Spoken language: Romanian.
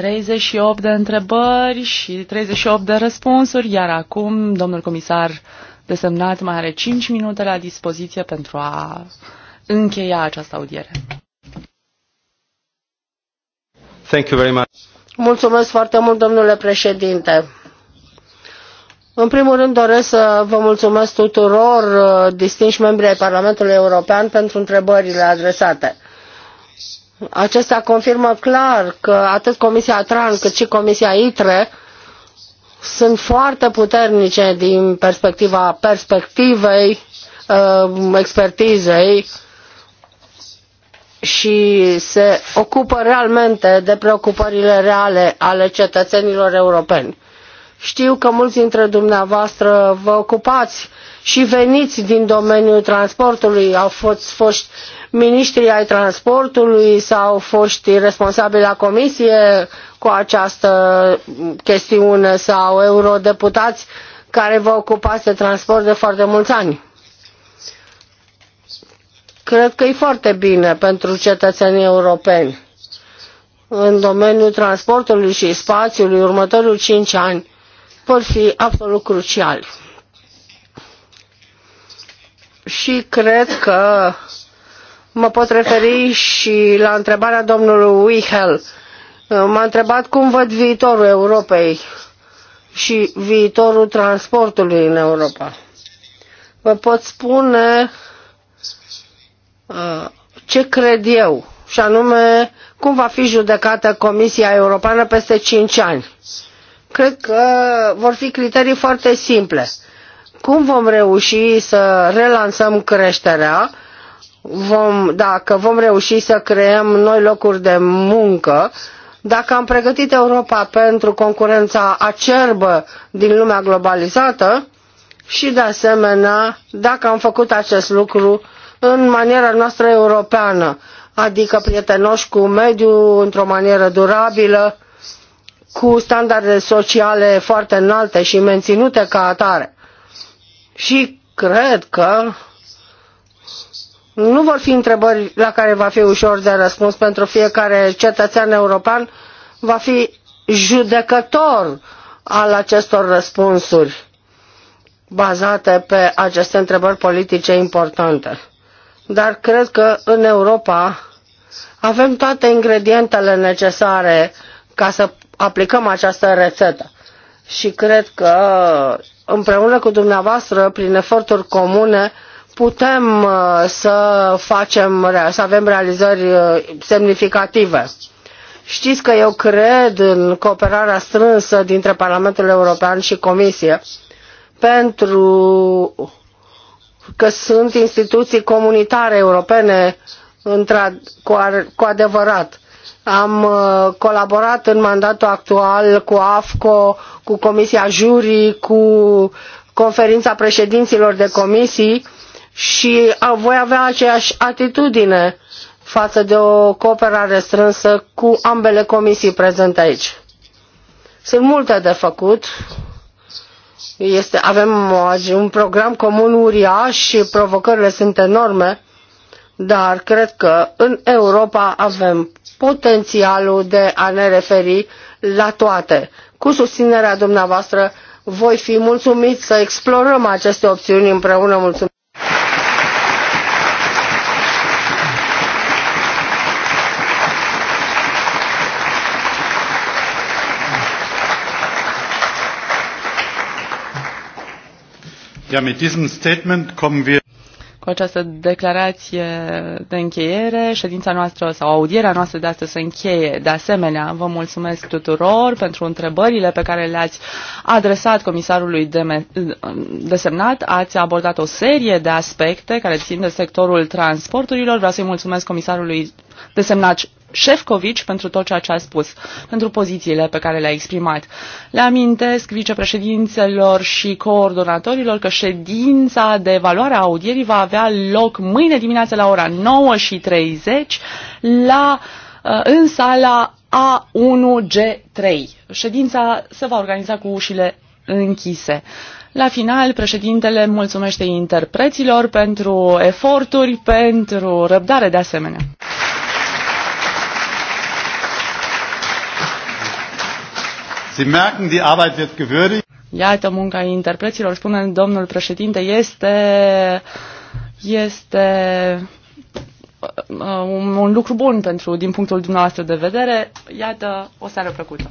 38 de întrebări și 38 de răspunsuri, iar acum domnul comisar desemnat mai are 5 minute la dispoziție pentru a încheia această audiere. Thank you very much. Mulțumesc foarte mult, domnule președinte. În primul rând doresc să vă mulțumesc tuturor uh, distinși membri ai Parlamentului European pentru întrebările adresate. Acesta confirmă clar că atât Comisia Tran cât și Comisia ITRE sunt foarte puternice din perspectiva perspectivei, uh, expertizei și se ocupă realmente de preocupările reale ale cetățenilor europeni. Știu că mulți dintre dumneavoastră vă ocupați și veniți din domeniul transportului, au fost, fost miniștrii ai transportului sau foștii responsabili la comisie cu această chestiune sau eurodeputați care vă ocupați de transport de foarte mulți ani. Cred că e foarte bine pentru cetățenii europeni. În domeniul transportului și spațiului, următorul cinci ani vor fi absolut cruciali. Și cred că Mă pot referi și la întrebarea domnului Wihel. M-a întrebat cum văd viitorul Europei și viitorul transportului în Europa. Vă pot spune uh, ce cred eu, și anume cum va fi judecată Comisia Europeană peste 5 ani. Cred că vor fi criterii foarte simple. Cum vom reuși să relansăm creșterea vom, dacă vom reuși să creăm noi locuri de muncă, dacă am pregătit Europa pentru concurența acerbă din lumea globalizată și, de asemenea, dacă am făcut acest lucru în maniera noastră europeană, adică prietenoși cu mediul într-o manieră durabilă, cu standarde sociale foarte înalte și menținute ca atare. Și cred că nu vor fi întrebări la care va fi ușor de răspuns pentru fiecare cetățean european, va fi judecător al acestor răspunsuri bazate pe aceste întrebări politice importante. Dar cred că în Europa avem toate ingredientele necesare ca să aplicăm această rețetă. Și cred că împreună cu dumneavoastră, prin eforturi comune, putem uh, să facem, să avem realizări uh, semnificative. Știți că eu cred în cooperarea strânsă dintre Parlamentul European și Comisie pentru că sunt instituții comunitare europene cu, adevărat. Am uh, colaborat în mandatul actual cu AFCO, cu Comisia Jurii, cu conferința președinților de comisii și voi avea aceeași atitudine față de o cooperare strânsă cu ambele comisii prezente aici. Sunt multe de făcut. Este, avem un program comun uriaș și provocările sunt enorme, dar cred că în Europa avem potențialul de a ne referi la toate. Cu susținerea dumneavoastră voi fi mulțumit să explorăm aceste opțiuni împreună. Mulțumim. cu această declarație de încheiere, ședința noastră sau audierea noastră de astăzi se încheie. De asemenea, vă mulțumesc tuturor pentru întrebările pe care le-ați adresat comisarului desemnat. Ați abordat o serie de aspecte care țin de sectorul transporturilor. Vreau să-i mulțumesc comisarului desemnat Șefcovic pentru tot ceea ce a spus, pentru pozițiile pe care le-a exprimat. Le amintesc vicepreședințelor și coordonatorilor că ședința de evaluare a audierii va avea loc mâine dimineață la ora 9 și 30 la, uh, în sala A1G3. Ședința se va organiza cu ușile închise. La final, președintele mulțumește interpreților pentru eforturi, pentru răbdare de asemenea. Sie merken, die Arbeit wird gewürdigt. Iată, munca interpreților, spune domnul președinte, este, este uh, un, un lucru bun pentru, din punctul dumneavoastră de vedere. Iată, o seară plăcută.